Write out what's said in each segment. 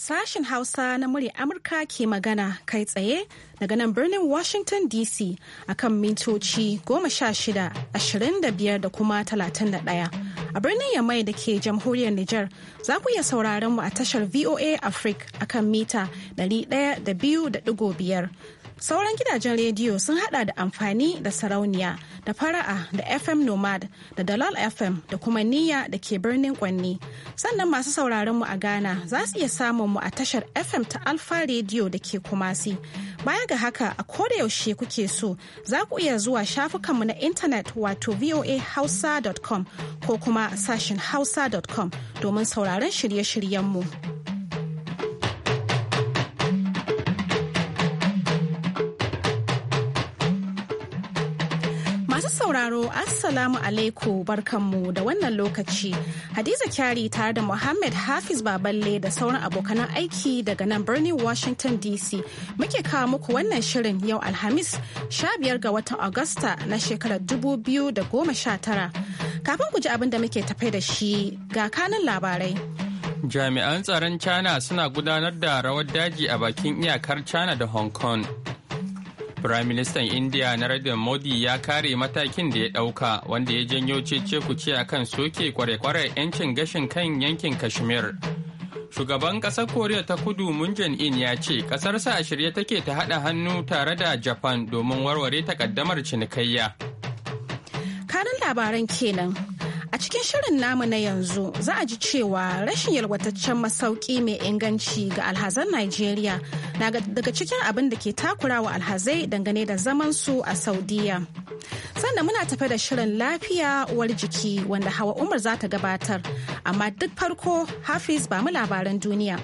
Sashen Hausa na murya Amurka ke magana kai tsaye daga nan birnin Washington DC akan mintoci 16:25 da kuma 31. A birnin Yamai da ke jamhuriyar Nijar za ku iya sauraron mu a tashar VOA Africa kan mita 102.5. Sauran gidajen rediyo sun hada da amfani da sarauniya da fara'a da FM Nomad da Dalal FM da kuma Niyya da ke birnin Kwanni. Sannan masu sauraron mu a Ghana za su iya samun mu a tashar FM ta Alfa Radio da ke Kumasi. Baya ga haka a yaushe kuke so za ku iya zuwa shafukanmu na intanet wato voahausa.com ko kuma sashin hausa.com domin sauraron shirye-shiryenmu. mu. Masu sauraro, Assalamu alaikum barkanmu da wannan lokaci. Hadiza Kyari tare da Muhammad Hafiz Baballe da sauran abokan aiki daga nan birnin Washington DC. Muke kawo muku wannan shirin yau Alhamis, 15 ga watan Agusta na shekarar 2019. Kafin ku ji abin da muke tafai da shi ga kanan labarai. Jami'an tsaron China suna gudanar da rawar daji a bakin iyakar China da Hong Kong. Firaministan India Narendra Modi ya kare matakin da ya ɗauka wanda ya janyo cece-kuce a kan soke kware-kware 'yancin gashin kan yankin Kashmir. Shugaban ƙasar Koriya ta kudu Moon in ya ce ƙasarsa a shirye take ta haɗa hannu tare da Japan domin warware takaddamar cinikayya. Kanin labaran kenan cikin shirin namu na yanzu za a ji cewa rashin yalwataccen masauki mai inganci ga alhazan Najeriya na daga cikin abin da ke takurawa alhazai dangane da zaman su a Saudiya. Sannan muna tafe da shirin lafiya uwar jiki wanda hawa Umar za ta gabatar, amma duk farko Hafiz ba mu labaran duniya.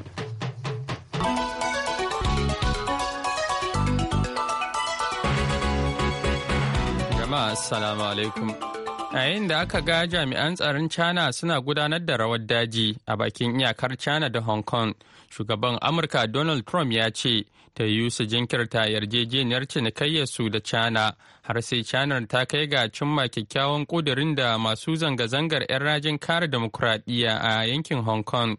Jama'a Assalamu alaikum. yayin da aka ga jami'an tsaron china suna gudanar da rawar daji a bakin iyakar china da hong kong shugaban amurka donald trump ya ce ta yiwu su jinkirta yarjejeniyar su da china har sai china ta kai ga cimma kyakkyawan kudurin da masu zanga-zangar 'yan rajin kare demokuraɗiyya a yankin hong kong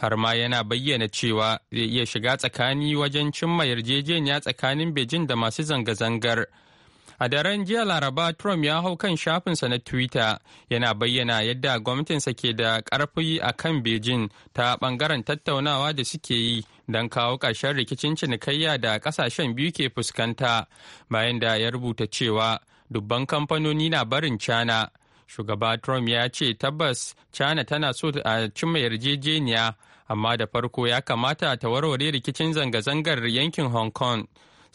har ma yana bayyana cewa zai iya shiga tsakani wajen cimma yarjejeniya tsakanin beijing da masu zanga-zangar A daren jiya Laraba, Trump ya hau kan shafinsa na Twitter yana bayyana yadda gwamnatinsa ke da ƙarfi a kan Beijing ta ɓangaren tattaunawa da suke yi don kawo ƙarshen rikicin cinikayya da ƙasashen biyu ke fuskanta bayan da ya rubuta cewa dubban kamfanoni na barin China. Shugaba Trump ya ce tabbas China tana so a cimma yarjejeniya amma da farko ya kamata ta warware rikicin zanga-zangar yankin Hong Kong.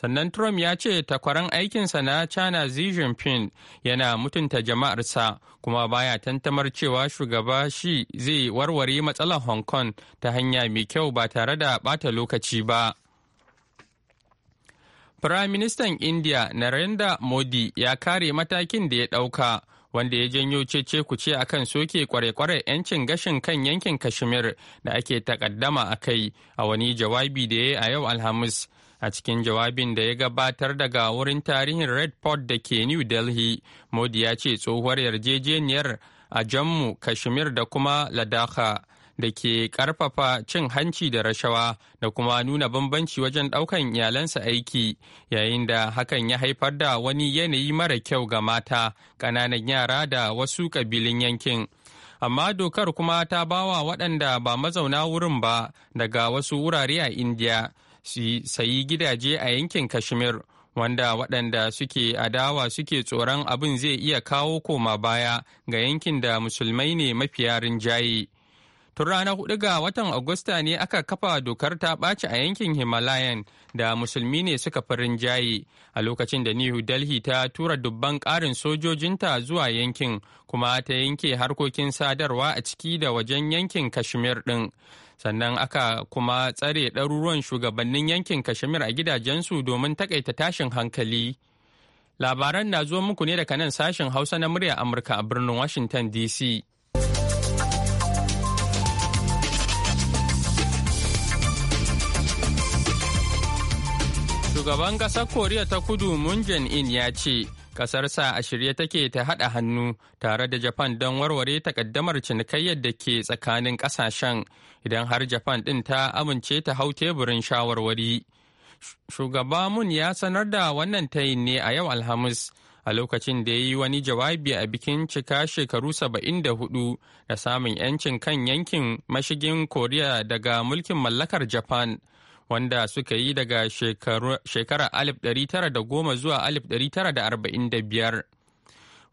sannan trump ya ce takwaran aikinsa na china xi jinping yana mutunta jama'arsa kuma baya tantamar cewa shugaba shi zai warware matsalar hong kong ta hanya mai kyau ba tare da bata lokaci ba Firaministan India Narendra Modi ya kare matakin da ya dauka wanda ya janyo cece kuce a kan soke kware-kware 'yancin gashin kan yankin Kashmir da ake takaddama a kai a wani jawabi da ya yi a yau Alhamis A cikin jawabin da ya gabatar daga wurin tarihin Red Port da ke New Delhi, Modi ya ce tsohuwar yarjejeniyar a Jammu, Kashmir da kuma Ladakha da ke karfafa cin hanci da rashawa da kuma nuna bambanci wajen ɗaukan iyalansa aiki yayin da hakan ya haifar da wani yanayi mara kyau ga mata ƙananan yara da wasu ƙabilun yankin amma dokar kuma ta bawa waɗanda ba mazauna wurin ba daga wasu wurare a indiya su sayi gidaje a yankin kashmir wanda waɗanda suke adawa suke tsoron abin zai iya kawo koma baya ga yankin da musulmai ne mafiya rinjaye. Tun ranar hudu ga watan Agusta ne aka kafa dokar ta ɓaci a yankin Himalayan da musulmi ne suka fi rinjaye a lokacin da New Delhi ta tura dubban ƙarin sojojinta zuwa yankin kuma ta yanke harkokin sadarwa a ciki da wajen yankin Kashmir ɗin. sannan aka kuma tsare ɗaruruwan shugabannin yankin kashmir a gidajensu domin takaita tashin hankali labaran na zo muku ne daga nan sashen hausa na murya amurka a birnin washington dc shugaban ƙasar koriya ta kudu moon in ya ce Ƙasarsa a shirye take ta haɗa hannu tare da Japan don warware takaddamar cinikayyar da ke tsakanin ƙasashen idan har Japan ɗin ta amince ta hau teburin shawarwari. Shugaba Mun ya sanar da wannan tayin ne a yau Alhamis a lokacin da ya yi wani jawabi a bikin cika shekaru 74 da samun 'yancin kan yankin mashigin Koriya daga mulkin mallakar Japan. wanda suka yi daga shekarar 1910 zuwa 1945.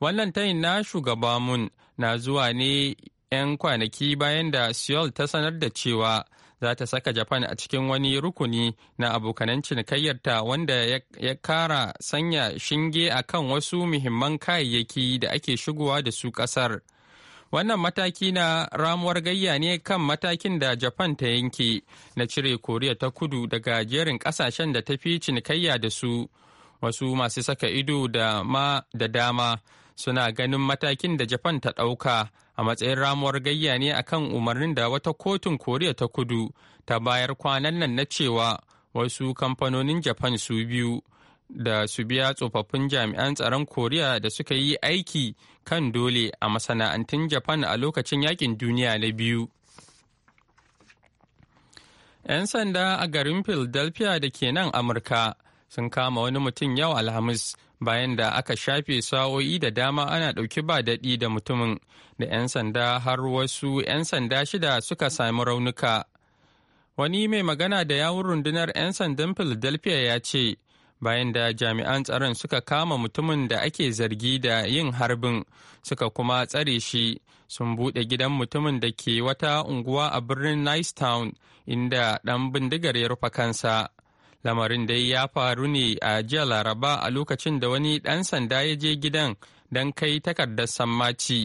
Wannan tayin na shugaba mun na zuwa ne 'yan kwanaki bayan da Seoul ta sanar da cewa za ta saka Japan a cikin wani rukuni na abokanan cinikayyarta wanda ya kara sanya shinge a kan wasu muhimman kayayyaki da ake shigowa da su kasar. Wannan mataki na ramuwar gayya ne kan matakin da Japan ta yanke na cire Koriya ta kudu daga jerin kasashen da ta fi cinikayya da su. Wasu masu saka ido da ma da dama suna ganin matakin da Japan ta ɗauka a matsayin ramuwar gayya ne akan umarnin da wata kotun Koriya ta kudu ta bayar kwanan nan na cewa wasu kamfanonin Japan su biyu. da su biya tsofaffin jami'an tsaron koriya da suka yi aiki kan dole a masana'antun japan a lokacin yakin duniya na biyu 'yan sanda a garin philadelphia da ke nan amurka sun kama wani mutum yau alhamis bayan da aka shafe sa'o'i da dama ana ɗauki ba daɗi da mutumin da 'yan sanda har wasu 'yan sanda shida suka sami raunuka wani mai magana da yawun rundunar 'yan sandan philadelphia ya ce bayan da jami'an tsaron suka kama mutumin da ake zargi da yin harbin suka kuma tsare shi sun buɗe gidan mutumin da ke wata unguwa a birnin nice town inda ɗan bindigar ya rufa kansa. Lamarin dai ya faru ne a jiya Laraba a lokacin da wani ɗan sanda ya je gidan don kai takardar sammaci.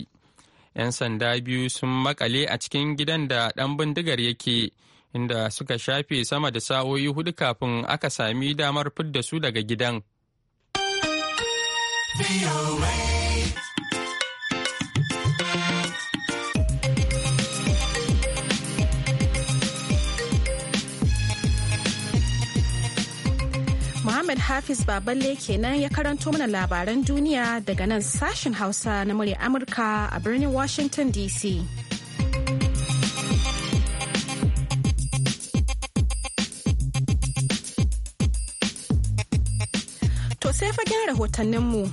'Yan sanda biyu sun makale a cikin gidan da ɗan bindigar yake inda suka shafe sama da sa'o'i hudu kafin aka sami damar fidda su daga gidan. Muhammad Hafiz Baballe kenan ya karanto mana labaran duniya daga nan sashen Hausa na murya Amurka a birnin Washington DC. sai fagen rahotanninmu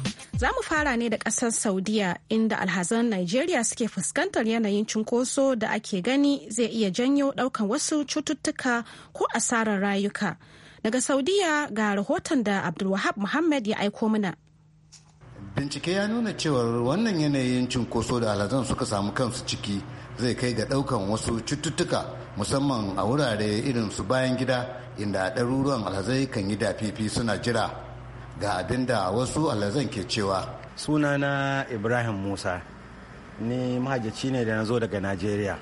za mu fara ne da ƙasar saudiya inda alhazan najeriya suke fuskantar yanayin cunkoso da ake gani zai iya janyo ɗaukan wasu cututtuka ko asarar rayuka daga saudiya ga rahoton da abdulwahab muhammad ya aiko mana bincike ya nuna cewar wannan yanayin cunkoso da alhazan suka samu kansu ciki zai kai ga ɗaukan wasu cututtuka musamman a wurare irin su bayan gida inda ɗaruruwan alhazai kan yi dafifi suna jira ga abin da wasu alazan ke cewa sunana ibrahim musa ni mahajjaci ne da na zo daga najeriya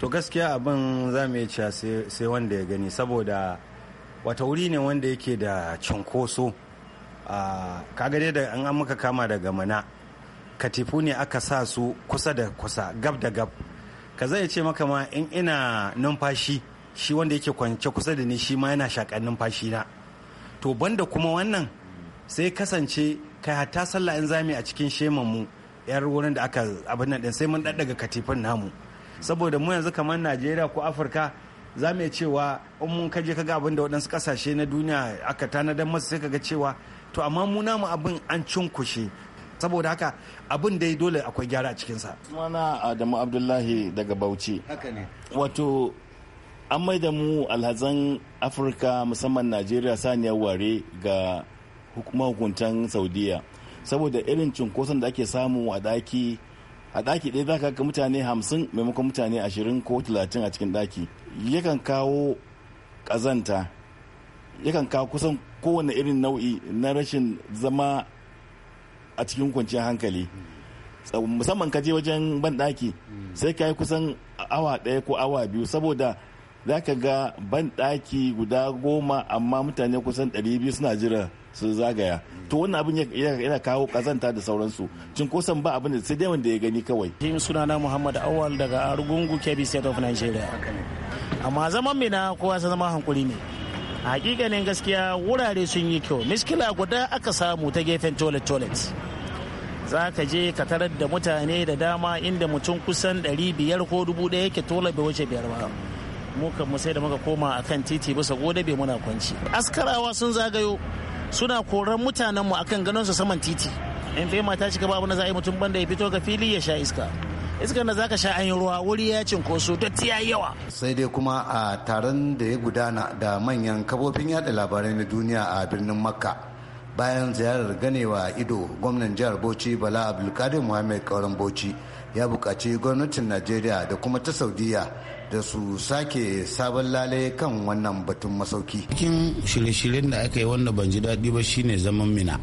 to gaskiya abin za mu iya sai wanda ya gani saboda wata wuri ne wanda yake da cunkoso kaga dai da an muka kama daga mana katifu ne aka sa su kusa da kusa gab da gab ka zai ce maka ma in ina numfashi shi wanda yake kwance kusa da ni shi ma yana shakan numfashi na to banda kuma wannan sai kasance kai hatta sallah in zami a cikin sheman mu yar wurin da aka abin nan din sai mun daddaga katifan namu saboda mu yanzu kamar Najeriya ko Afirka za mu cewa in mun kaje kaga abin da waɗansu kasashe na duniya aka tanadar masu sai kaga cewa to amma mu namu abin an cunkushe saboda haka abin dai dole akwai gyara a cikinsa. Sunana Adamu Abdullahi daga Bauchi. Haka ne. Wato an maida mu alhazan Afirka musamman Najeriya saniyar ware ga mahukuntan saudiya saboda irin cunkoson da ake samu a daki a daki ɗaya za ka ga mutane hamsin maimakon mutane ashirin ko talatin a cikin daki yakan kawo ƙazanta yakan kawo kusan kowane irin nau'i na rashin zama a cikin kwanciyar hankali musamman ka je wajen ban daki sai ka yi kusan awa ɗaya ko awa biyu saboda za ka ga ban ɗaki guda goma amma mutane kusan 200 suna jira su zagaya to wannan abin yana kawo kazanta da sauransu cinkoson ba abin da sai dai wanda ya gani kawai shi sunana muhammad awal daga argungu kebbi state of nigeria amma zaman mina kowa sa zama hankuri ne hakikanin gaskiya wurare sun yi kyau miskila guda aka samu ta gefen toilet toilet za ka je ka tarar da mutane da dama inda mutum kusan 500 ko 1000 yake tola bai wuce biyar ba mu kan mu sai da muka koma akan titi ba sa gode bai muna kwanci askarawa sun zagayo suna koran mutanen mu akan ganin su saman titi in bai mata shiga ba na za a yi mutum banda ya fito ga fili ya sha iska iskar da zaka sha an yi ruwa wuri ya cinkoso datti ya yawa sai dai kuma a taron da ya gudana da manyan kafofin yada labarai na duniya a birnin makka bayan ziyarar ganewa ido gwamnan jihar bauchi bala abdulkadir muhammad kauran bauchi ya buƙaci gwamnatin najeriya da kuma ta saudiya da su sake sabon lale kan wannan batun masauki cikin shirye-shiryen da aka yi wanda ban ji daɗi ba shine zaman mina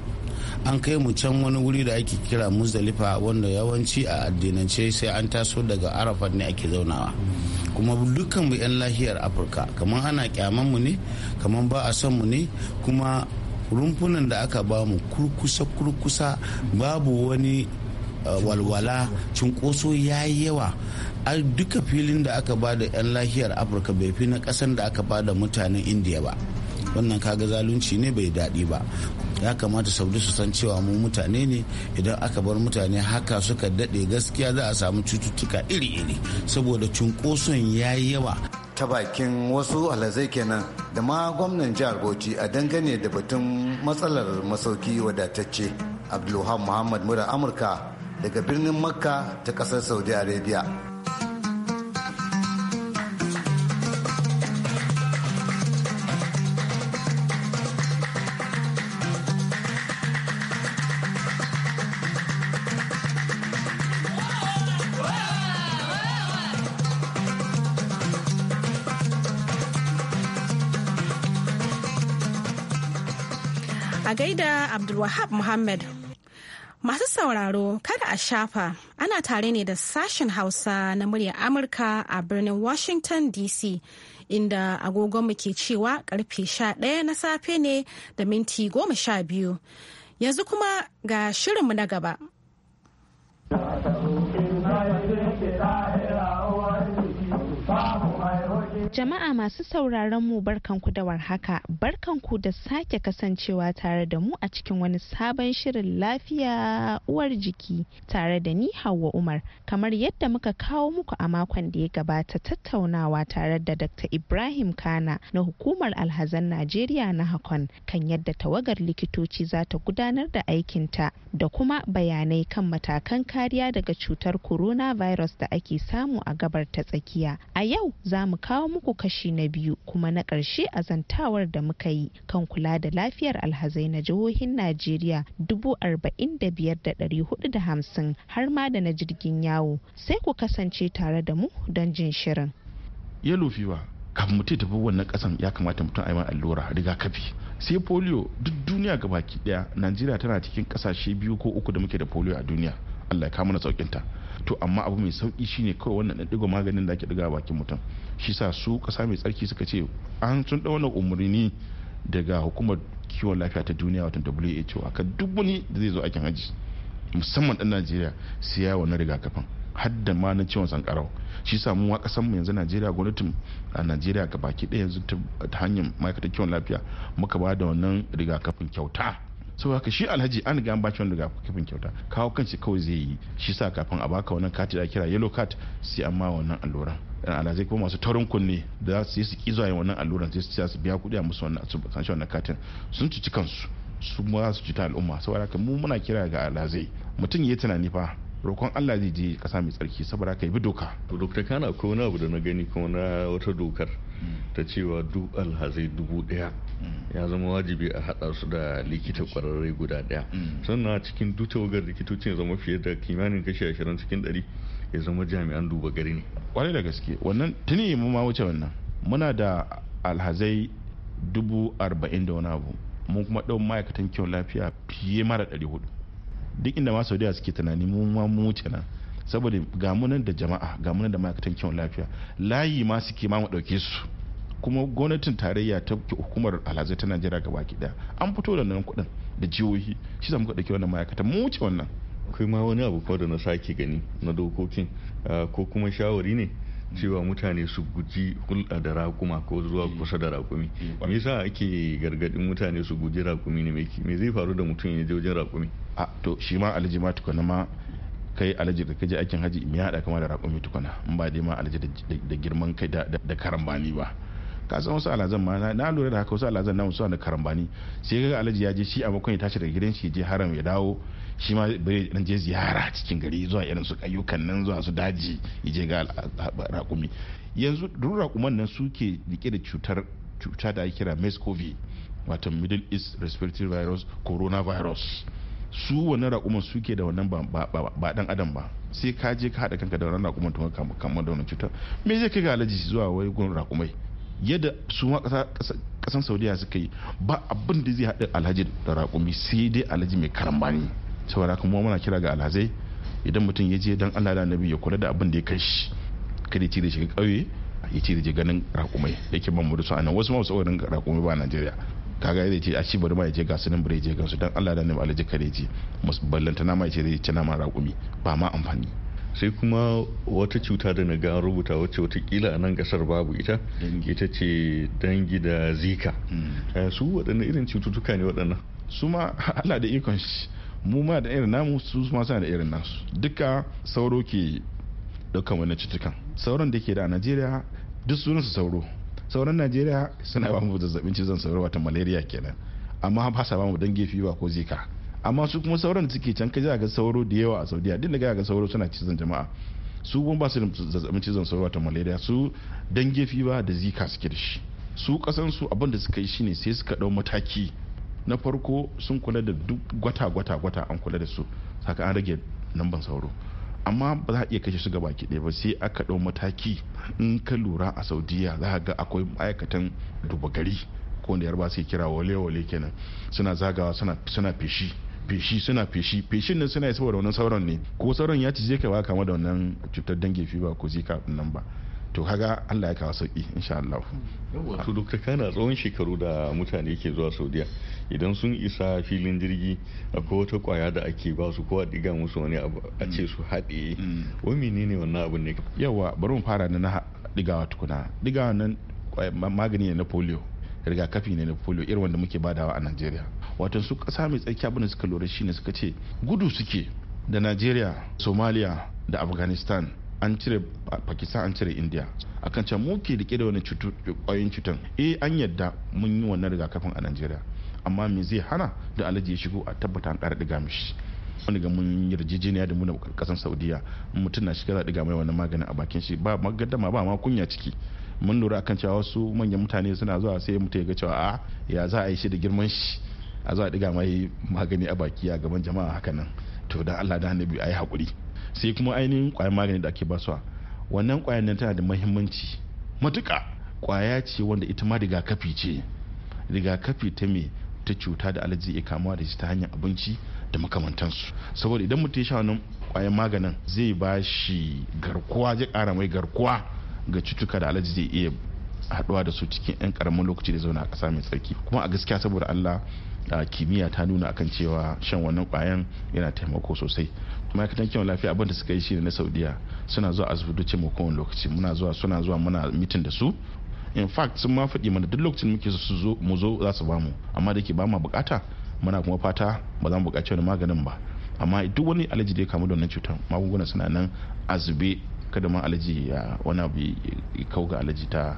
an kai mu can wani wuri da ake kira muzdalifa wanda yawanci a addinance sai an taso daga arafat ne ake zaunawa kuma dukkan mu 'yan lahiyar afirka kamar ana kyaman mu ne kamar ba a son mu ne kuma rumfunan da aka bamu kurkusa kurkusa babu wani Eh, walwala cunkoso ya yi yawa a duka filin da aka ba da 'yan lahiyar afirka bai fi na kasan da aka ba da mutanen indiya ba wannan kaga zalunci ne bai daɗi ba ya kamata saudi su san cewa mu mutane ne idan aka bar mutane haka suka daɗe gaskiya za a samu cututtuka iri-iri saboda cunkoson ya yi yawa ta bakin wasu alazai kenan da ma gwamnan jihar bauchi a dangane da batun matsalar masauki wadatacce abdulhamid muhammad mura amurka daga birnin makka ta kasar saudi arabia a gaida abdulwahab muhammad sauraro kada a shafa ana tare ne da sashen Hausa na muryar Amurka a birnin Washington DC inda agogonmu ke cewa karfe sha 11 na safe ne da minti goma sha biyu Yanzu kuma ga shirinmu na gaba. Jama'a masu sauraron mu barkanku da warhaka, barkanku da sake kasancewa tare da mu a cikin wani sabon shirin lafiya uwar jiki tare da ni Hauwa Umar. Kamar yadda muka kawo muku a makon da ya gabata tattaunawa tare da Dr. Ibrahim Kana na Hukumar Alhazan Najeriya na Hakon kan yadda tawagar likitoci za ta gudanar da aikinta da kuma bayanai kan matakan kariya daga cutar corona virus da ake samu a gabar ta tsakiya. A yau za mu kawo muku kashi na biyu kuma na ƙarshe a zantawar da muka yi kan kula da lafiyar alhazai na jihohin Najeriya dubu da biyar da ɗari hudu da hamsin har ma da na jirgin yawo sai ku kasance tare da mu don jin shirin. Ya lufi ba, kafin mutum tafi wannan kasan ya kamata mutum a yi allura rigakafi. sai polio duk duniya ga baki daya najeriya tana cikin kasashe biyu ko uku da muke da polio a duniya allah ya kama na saukinta to amma abu mai sauki shine kawai wannan ɗan ɗigo maganin da ake ɗiga a bakin mutum shi sa su kasa mai tsarki suka ce an sun ɗau wannan umarni daga hukumar kiwon lafiya ta duniya wato WHO aka duk wani da zai zo aikin haji musamman ɗan Najeriya sai ya na rigakafin hadda ma na ciwon sankarau shi sa mu a mu yanzu Najeriya gwamnatin a Najeriya ga baki ɗaya yanzu ta hanyar ma'aikatar kiwon lafiya muka ba da wannan rigakafin kyauta sau haka shi alhaji an ga an baki wani rigakafin kyauta kawo kanci kawai zai yi shi sa kafin a baka wannan kati da kira yellow card sai an ma wannan alluran yan alhazai kuma masu taurin kunne da za su yi su zuwa yin wannan alluran sai su su biya kuɗi a musu wannan sanshi wannan katin sun cuci kansu su ma za su cuta al'umma saboda haka mu muna kira ga alhazai mutum ya yi tunani fa roƙon Allah zai je ƙasa mai tsarki saboda ka bi doka. To Kana ko wani abu da na gani kuma na wata dokar hmm. ta cewa duk alhazai dubu ɗaya hmm. ya zama wajibi a haɗa su da likita kwararre guda ɗaya mm. sannan cikin duk tawagar likitocin zama fiye da kimanin kashi ashirin cikin ɗari ya zama jami'an duba gari ne kwarai da gaske wannan tuni mu ma wuce wannan muna da alhazai dubu arba'in da wani abu mun kuma ɗau ma'aikatan kyau lafiya fiye mara ɗari hudu duk inda ma da suke tunani mu ma mu wuce nan saboda gamunan da jama'a gamunan da ma'aikatan kyau lafiya layi ma suke ma mu ɗauke su kuma gwamnatin tarayya ta hukumar alhazai ta najeriya gaba baki daya an fito da nan kuɗin da jihohi shi zamu ɗauki wannan ma'aikata mu wuce wannan akwai ma wani abu kawai da na sake gani na dokokin ko kuma shawari ne cewa mutane su guji hulɗa da rakuma ko zuwa kusa da rakumi me yasa ake gargadin mutane su guji rakumi ne me zai faru da mutum ya je wajen rakumi a to shi ma alhaji ma tukuna ma kai alhaji da kaje aikin haji me ya haɗa kama da rakumi tukuna in ba dai ma alhaji da girman kai da karambani ba ka san wasu alazan ma na lura da haka wasu alazan na musu da karambani sai ga alhaji ya je shi abokan ya tashi daga gidan shi je haram ya dawo shi ma bai dan je ziyara cikin gari zuwa irin su ayyukan nan zuwa su daji ya je ga raƙumi yanzu duk raƙuman nan suke rike da cutar cuta da ake kira mescovi wato Middle East Respiratory Virus coronavirus su wani raƙuman suke da wannan ba dan adam ba sai ka je ka haɗa kanka da wannan raƙuman tun kamar da wannan cutar me zai kai ga alaji zuwa wai gun raƙumai yadda su ma kasan saudiya suka yi ba abin da zai haɗa alhaji da raƙumi sai dai alhaji mai karambani saboda kuma muna kira ga alhazai idan mutum ya je dan allah da biyu ya kula da abin da ya kai shi kada ya cire shi ƙauye ya cire je ganin raƙumai yake ban mu sa'anan wasu ma su ganin raƙumai ba a najeriya kaga ya ce a ci bari ma ya je ga sunan ya je gansu dan allah da biyu alhaji kare ji ballantana ma ya ce zai ya na ma raƙumi ba ma amfani sai kuma wata cuta da na ga rubuta wacce watakila a nan kasar babu ita ita ce dangi da zika mm. eh, su waɗannan irin cututtuka ne waɗannan su ma Allah da ikon shi mu ma da irin namu su ma suna da irin nasu duka sauro ke ɗaukan wani cutukan sauran da ke da a Najeriya duk sunan su sauro sauran Najeriya suna ba mu zazzabin cizon sauro wata malaria kenan amma ba sa ba mu dangi fiba ko zika amma su kuma sauran da suke can ka ga sauro da yawa a saudiya din da ga sauro suna cizon jama'a su kuma ba su zazzabin cizon sauro ta malaria su don gefi ba da zika suke da shi su kasan su abin da suka yi shine sai suka dau mataki na farko sun kula da duk gwata gwata gwata an kula da su saka an rage lamban sauro amma ba za a iya kashe su gaba baki ɗaya ba sai aka dau mataki in ka lura a saudiya za ga akwai ma'aikatan duba gari ko da yarba sai kira wale wale kenan suna zagawa suna feshi feshi suna feshi feshin nan suna yi saboda wannan sauran ne ko sauran ya ci zai wa kama da wannan cutar dange fiba ko zika nan ba to kaga Allah ya kawo sauki insha Allah wato dokta kana tsawon shekaru da mutane ke zuwa Saudiya idan sun isa filin jirgi akwai wata kwaya da ake ba su ko a diga musu wani abu a ce su haɗe mm. wani menene wannan abun ne yawa bari mu fara na digawa tukuna digawa nan magani ne na polio rigakafi ne na polio irin wanda muke badawa a najeriya wato su kasa mai tsaki abin da suka lura shi ne suka ce gudu suke da najeriya somalia da afghanistan an cire pakistan an cire india akan can mu ke rike da wani kwayoyin cutan eh an yadda mun yi wannan rigakafin a najeriya amma me zai hana da alaji ya shigo a tabbata an ƙara diga mishi wani ga mun yarjejeniya da muna kasan saudiya mutum na shiga zaɗi ga mai wani maganin a bakin shi ba magadama ba ma kunya ciki mun lura akan cewa wasu manyan mutane suna zuwa sai mutum ya ga cewa a ya za a yi shi da girman shi a zuwa diga mai magani a baki a gaban jama'a haka nan to da Allah da annabi ayi hakuri sai kuma ainihin kwayar magani da ake basuwa wannan kwayar nan tana da muhimmanci matuka kwaya ce wanda ita ma rigakafi ce rigakafi ta me ta cuta da alaji ya kamuwa da shi ta hanyar abinci da makamantansu saboda idan mutum ya sha wannan kwayan maganin zai ba shi garkuwa zai kara mai garkuwa ga cutuka da alaji zai iya haduwa da su cikin 'yan karamin lokaci da zauna a ƙasa mai tsarki kuma a gaskiya saboda allah kimiyya ta nuna akan cewa shan wannan kwayan yana taimako sosai ma'aikatan kiwon lafiya abinda suka yi shine na saudiya suna zuwa asibitoci mu kowane lokaci muna zuwa suna zuwa muna mitin da su in fact sun ma faɗi mana duk lokacin muke su zo mu zo za su bamu amma da ke ba ma bukata muna kuma fata ba za mu buƙaci wani maganin ba amma duk wani alaji da ya kamu da wannan cutar magunguna suna nan azube kada ma alaji wani abu kau ga alaji ta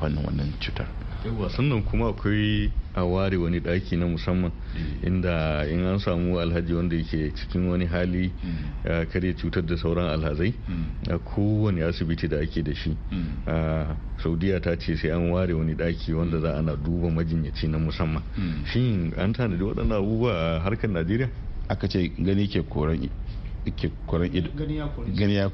fannin wannan cutar yawa sannan kuma akwai a ware wani daki na musamman eh. inda in an samu alhaji wanda yake cikin wani hali hmm. kare cutar da sauran alhazai hmm. a kowane asibiti da ake da shi hmm. saudiya ta ce sai an ware wani daki wanda za ana duba majinyaci na musamman shin an tanadi waɗannan abubuwa a harkar najeriya aka ce gani ke koran ke koran ido gani ya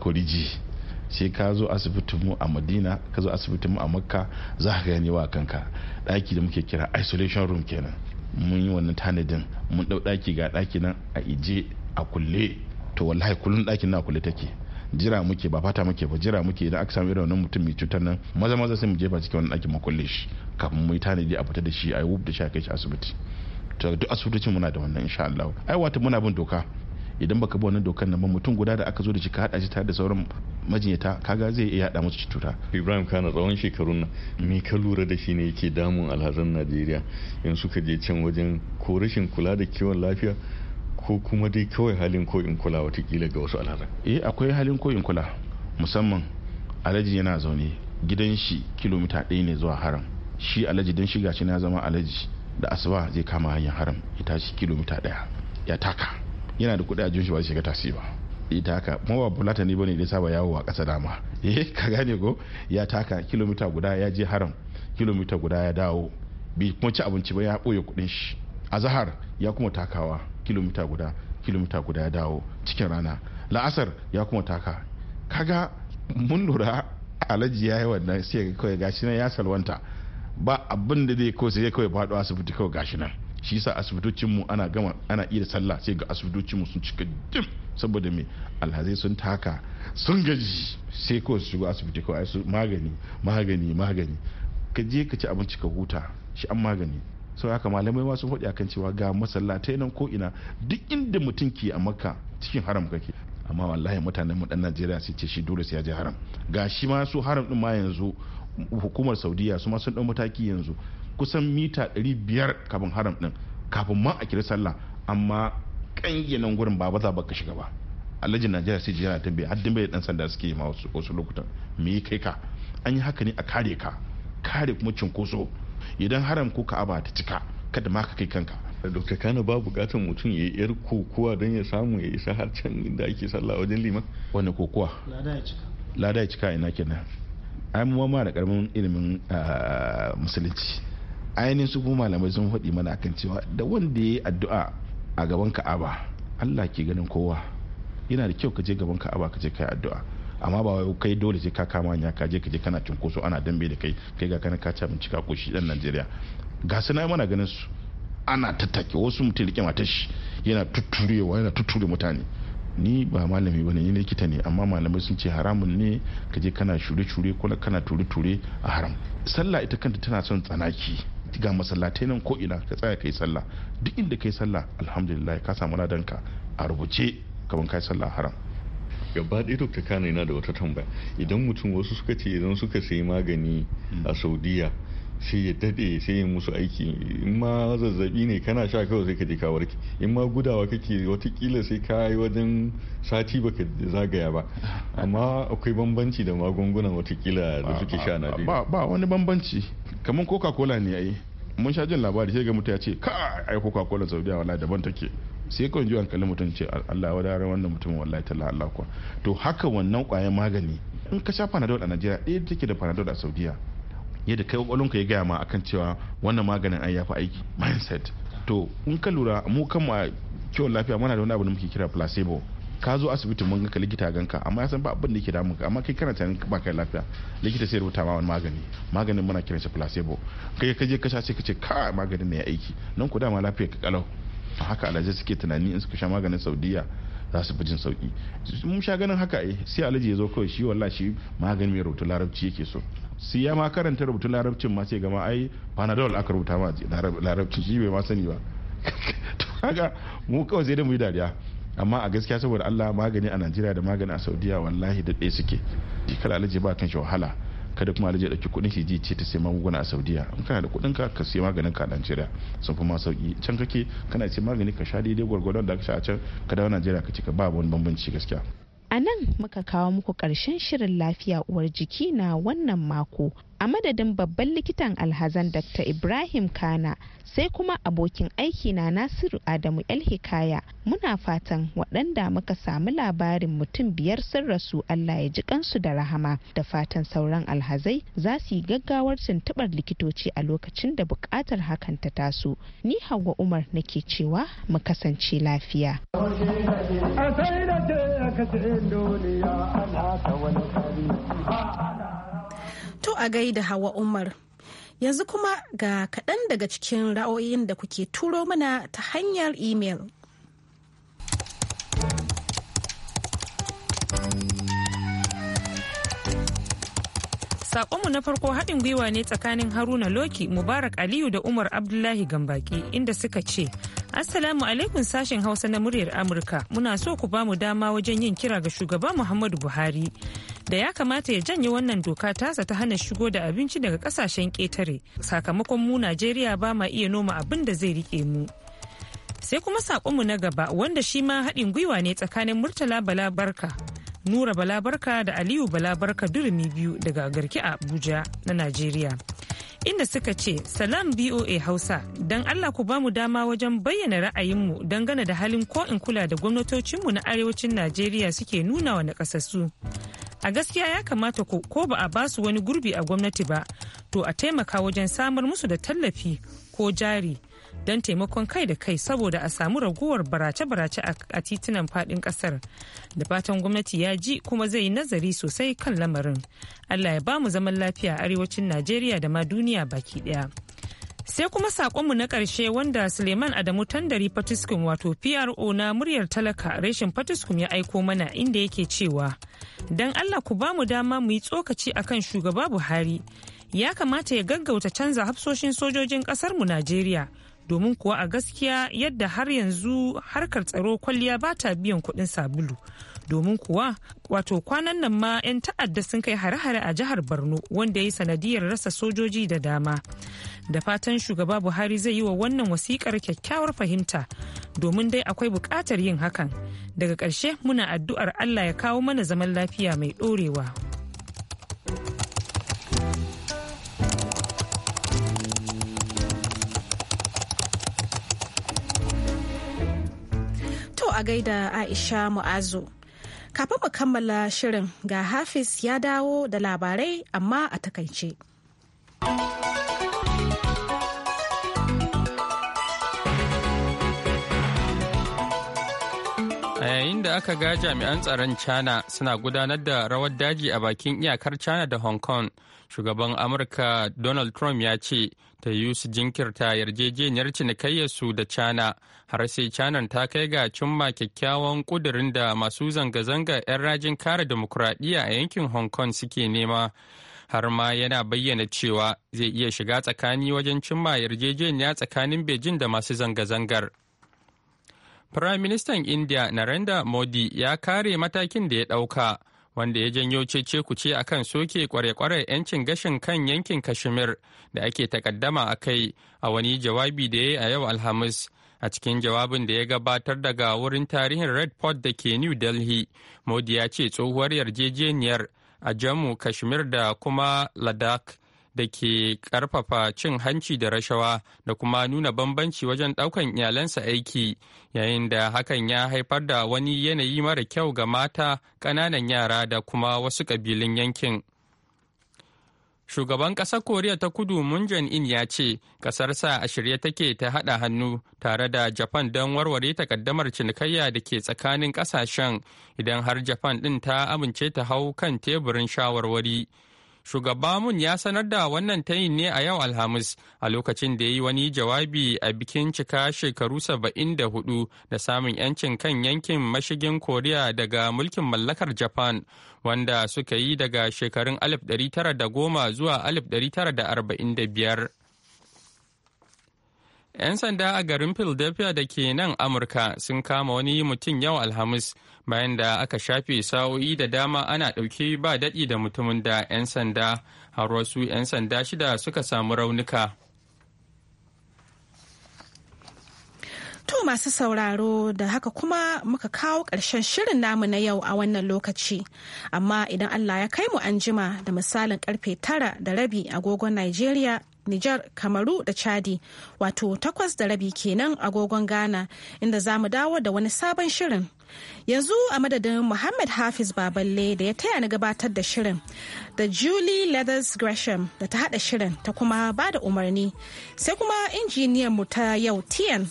sai ka zo asibitin mu a madina ka zo asibitin mu a makka za ka gani wa kanka daki da muke kira isolation room kenan mun yi wannan tanadin mun ɗau daki ga daki nan a ije a kulle to wallahi kullum dakin na kulle take jira muke ba fata muke ba jira muke idan aka samu irin wannan mutum mai cutar nan maza maza sai mu jefa cikin wannan dakin mu kulle shi kafin mu yi tanadi a fita da shi a yi wub da shi a kai shi asibiti to duk asibitocin muna da wannan insha Allah ai wata muna bin doka idan baka bi wannan dokar nan ba mutum guda da aka zo da shi ka hada shi tare da sauran majinyata kaga zai iya hada musu cuta ibrahim Kano tsawon shekarun nan mm. me ka lura da shi ne yake damun alhazan najeriya in suka je can wajen ko rashin kula da kiwon lafiya ko kuma dai kawai halin ko in kula watakila ga wasu alhazan eh akwai halin ko in kula musamman alhaji yana zaune gidan shi kilomita ɗaya ne zuwa haram shi alhaji don shiga shi na zama alhaji da asuba zai kama hanyar haram ya tashi kilomita ɗaya ya taka yana da kudi a shi ba zai shiga tasi ba ita haka kuma ba bulata ne bane da saba yawo a kasa dama eh ka gane ko ya taka kilomita guda ya je haram kilomita guda ya dawo Bi kuma ci abinci ba ya boye kuɗin shi a zahar ya kuma takawa kilomita guda kilomita guda ya dawo cikin rana la'asar ya kuma taka kaga mun lura alaji ya yi wannan sai kawai gashi nan ya salwanta ba abin da zai ko sai kawai faɗo asibiti kawai gashi nan shi sa mu ana gama ana iya da sallah sai ga asibitocinmu sun cika dim saboda me alhazai sun taka sun gaji sai ko su shigo asibiti ko ai magani magani magani ka je ka ci abinci ka huta shi an magani sau haka malamai ma sun faɗi akan cewa ga masallatai nan ko ina duk inda mutum ke a makka cikin haram kake amma wallahi mutanen mu dan Najeriya sai ce shi dole sai ya je haram ga shi ma su haram din ma yanzu hukumar Saudiya su ma sun dau mataki yanzu kusan mita 500 kafin haram din kafin ma a kira sallah amma yanan gurin ba ba za baka shiga ba alhaji najeriya sai jira ta bai haddin bai dan sanda suke ma wasu lokutan me yi kai ka an yi haka ne a kare ka kare kuma cinkoso idan haram ko ka'aba ta cika kada ma ka kai kanka dokta Kano ba bukatar mutum ya yi yar kokowa don ya samu ya isa har can inda ake sallah wajen liman wani kokowa lada ya cika ina kenan ai mu ma da karamin ilimin ah, musulunci ainihin su kuma malamai sun faɗi mana kan cewa da wanda ya yi addu'a a gaban ka'aba allah ke ganin kowa yana da kyau ka je gaban ka'aba ka je ka yi addu'a amma ba wai kai dole sai ka kama hanya ka je ka je kana cunkoso ana dambe da kai kai ga kana kaca ci cika koshi dan najeriya ga su mana ganin su ana tattake wasu mutum rike matar yana tutturewa yana tutture mutane ni ba malami bane ni likita ne amma malamai sun ce haramun ne ka je kana shure-shure ko kana ture-ture a haram sallah ita kanta tana son tsanaki ga masallatai nan ko ina ka tsaya kai sallah duk inda kai sallah alhamdulillah ka samu ladanka a rubuce kaman kai sallah haram gaba ɗaya dr kano yana da wata tambaya idan mutum wasu suka ce idan suka sayi magani a saudiya sai ya dade sai ya musu aiki in ma zazzabi ne kana sha kawai sai ka je ka warke in ma gudawa kake watakila sai ka yi wajen sati baka zagaya ba amma akwai bambanci da magungunan watakila da suke sha na ba wani bambanci kamar coca cola ne ai mun sha jin labari sai ga mutum ya ce ka ai coca cola saudiya wala daban take sai kawai jiwa kalli mutum ce Allah wa dare wannan mutum wallahi talla Allah kuwa to haka wannan kwayan magani in ka sha panadol a Najeriya ɗaya take da panadol a Saudiya yadda kai kwakwalonka ya gaya ma akan cewa wannan maganin an yafi aiki mindset to in ka lura mu kan ma kiwon lafiya muna da wani abu da muke kira placebo ka zo asibiti mun ga likita ganka amma ya san ba abin da yake damun ka amma kai kana tunanin ba kai lafiya likita sai rubuta ma wani magani maganin muna kiran shi placebo kai ka je ka sha sai ka ce ka maganin ne ya aiki nan ku dama lafiya ka kalau haka alaje suke tunani in suka sha maganin saudiya za su fi jin sauki mun sha ganin haka eh sai alaji ya zo kawai shi wallahi shi maganin mai rubutu larabci yake so su ya ma karanta rubutun larabcin ma sai gama ai panadol aka rubuta ma larabcin shi bai ma sani ba to kaga mu kawai sai da mu yi dariya amma a gaskiya saboda Allah magani a Najeriya da magani a Saudiya wallahi da ɗaya suke kala alaji ba kan shi wahala kada kuma alaji ɗauki kuɗin shi ji ce ta sai magunguna a Saudiya in kana da kuɗin ka ka sai maganin ka a Najeriya sun fi ma sauki can kake kana sai magani ka sha daidai gwargwadon da ka sha a can ka dawo Najeriya ka ci ka ba wani bambanci gaskiya A nan muka kawo muku ƙarshen shirin lafiya uwar jiki na wannan mako a madadin babban likitan alhazan dr ibrahim kana sai kuma abokin aiki na nasiru adamu hikaya muna fatan waɗanda muka samu labarin mutum biyar sun rasu allah ya ji kansu da rahama da fatan sauran alhazai za su yi gaggawar tuntubar likitoci a lokacin da buƙatar hakan ta taso ni hawa umar nake cewa mu kasance lafiya To a gaida Hawa Umar. Yanzu kuma ga kaɗan daga cikin ra'o'in da kuke turo mana ta hanyar imel. saƙonmu na farko haɗin gwiwa ne tsakanin Haruna Loki, Mubarak Aliyu da Umar Abdullahi Gambaki inda suka ce, Assalamu alaikum sashen Hausa na muryar Amurka, muna so ku ba mu dama wajen yin kira ga shugaba Muhammadu Buhari. da ya kamata ya janye wannan doka tasa ta hana shigo da abinci daga kasashen ƙetare sakamakon mu najeriya ba ma iya noma abin da zai rike mu sai kuma mu na gaba wanda shi ma haɗin gwiwa ne tsakanin murtala balabarka nura balabarka da aliyu balabarka durumi biyu daga garki a abuja na najeriya inda suka ce salam boa hausa don allah ku bamu dama wajen bayyana ra'ayinmu dangane da halin ko in kula da gwamnatocinmu na arewacin najeriya suke nuna wa nakasassu a gaskiya ya kamata ko ba a basu wani gurbi a gwamnati ba to a taimaka wajen samar musu da tallafi ko jari don taimakon kai da kai saboda a samu raguwar barace-barace a titunan fadin kasar da fatan gwamnati ya ji kuma zai yi nazari sosai kan lamarin allah ya ba mu zaman lafiya a arewacin najeriya da ma duniya baki daya sai kuma sakonmu na ƙarshe wanda suleiman adamu tandari patiskum wato pro na muryar talaka reshen patiskum ya aiko mana inda yake cewa don allah ku ba mu dama mu yi tsokaci kan shugaba buhari ya kamata ya gaggauta canza hafsoshin sojojin ƙasarmu najeriya domin kuwa a gaskiya yadda har yanzu harkar tsaro kwalliya ba ta biyan kuɗin sabulu domin kuwa wato kwanan nan ma 'yan ta'adda sun kai hare-hare a jihar borno wanda ya yi sanadiyar rasa sojoji da dama da fatan shugaba buhari zai yi wa wannan wasikar kyakkyawar fahimta domin dai akwai buƙatar yin hakan daga ƙarshe muna addu'ar allah ya kawo mana zaman lafiya mai ɗorewa to a gaida aisha mu'azu Kafin mu kammala shirin ga Hafiz ya dawo da labarai amma a takaice. da aka ga jami'an tsaron China suna gudanar da rawar daji a bakin iyakar China da Hong Kong, shugaban Amurka Donald Trump ya ce ta yi su jinkirta yarjejeniyar su da China har sai China ta kai ga cimma kyakkyawan kudurin da masu zanga-zanga 'yan rajin kare demokuraɗiyya a yankin Hong Kong suke nema. har ma yana bayyana cewa zai iya shiga tsakani wajen cimma yarjejeniya tsakanin Beijing da masu zanga-zangar. Firaministan India Narendra Modi ya kare matakin da ya ɗauka wanda ya janyo cece kuce akan soke kware-kware 'yancin gashin kan yankin Kashmir da ake takaddama a kai a wani jawabi da ya yi a yau Alhamis. A cikin jawabin da ya gabatar daga wurin tarihin Red Fort da ke New Delhi, Modi ya ce tsohuwar yarjejeniyar a Jammu, Kashmir da kuma Ladakh da ke karfafa cin hanci da rashawa da kuma nuna bambanci wajen daukan iyalansa aiki yayin da hakan ya haifar da wani yanayi mara kyau ga mata ƙananan yara da kuma wasu ƙabilun yankin shugaban ƙasar koriya ta kudu moon in ya ce ƙasarsa a shirye take ta haɗa hannu tare da japan don warware takaddamar cinikayya da ke tsakanin ƙasashen idan har japan ɗin ta amince ta hau kan teburin shawarwari. Shugaba Mun ya sanar da wannan tayin ne a yau Alhamis a lokacin da ya yi wani jawabi a bikin cika shekaru saba'in da hudu da samun 'yancin kan yankin mashigin Koriya daga mulkin mallakar Japan wanda suka yi daga shekarun 1910 zuwa 1945. 'Yan sanda a garin Philadelphia da ke nan Amurka sun kama wani mutum yau Alhamis bayan da aka shafe sa'o'i da dama ana ɗauke ba daɗi da mutumin da 'yan sanda har wasu 'yan sanda shida suka samu raunuka. To masu sauraro da haka kuma muka kawo ƙarshen shirin namu na yau a wannan lokaci. Amma idan Allah ya kai mu an jima da misalin karfe tara da rabi agogon Najeriya, Nijar, Kamaru da Chadi, wato takwas da rabi kenan agogon Ghana, inda za mu dawo da wani sabon shirin. Yanzu a madadin Muhammad Hafiz Baballe da ya taya na gabatar da shirin, da Julie Leathers Gresham da ta haɗa shirin ta kuma ba da umarni, sai kuma injiniyan mu ta yau Tiyan.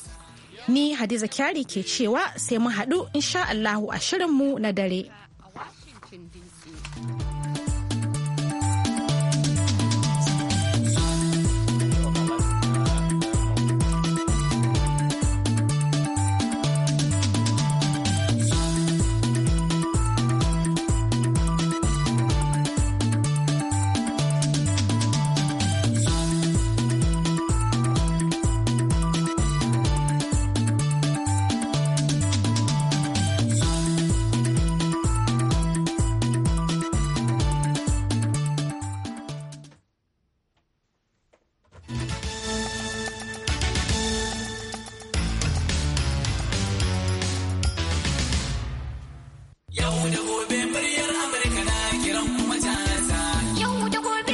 Ni Hadiza Kyari ke cewa sai mun haɗu insha Allahu a shirinmu na dare.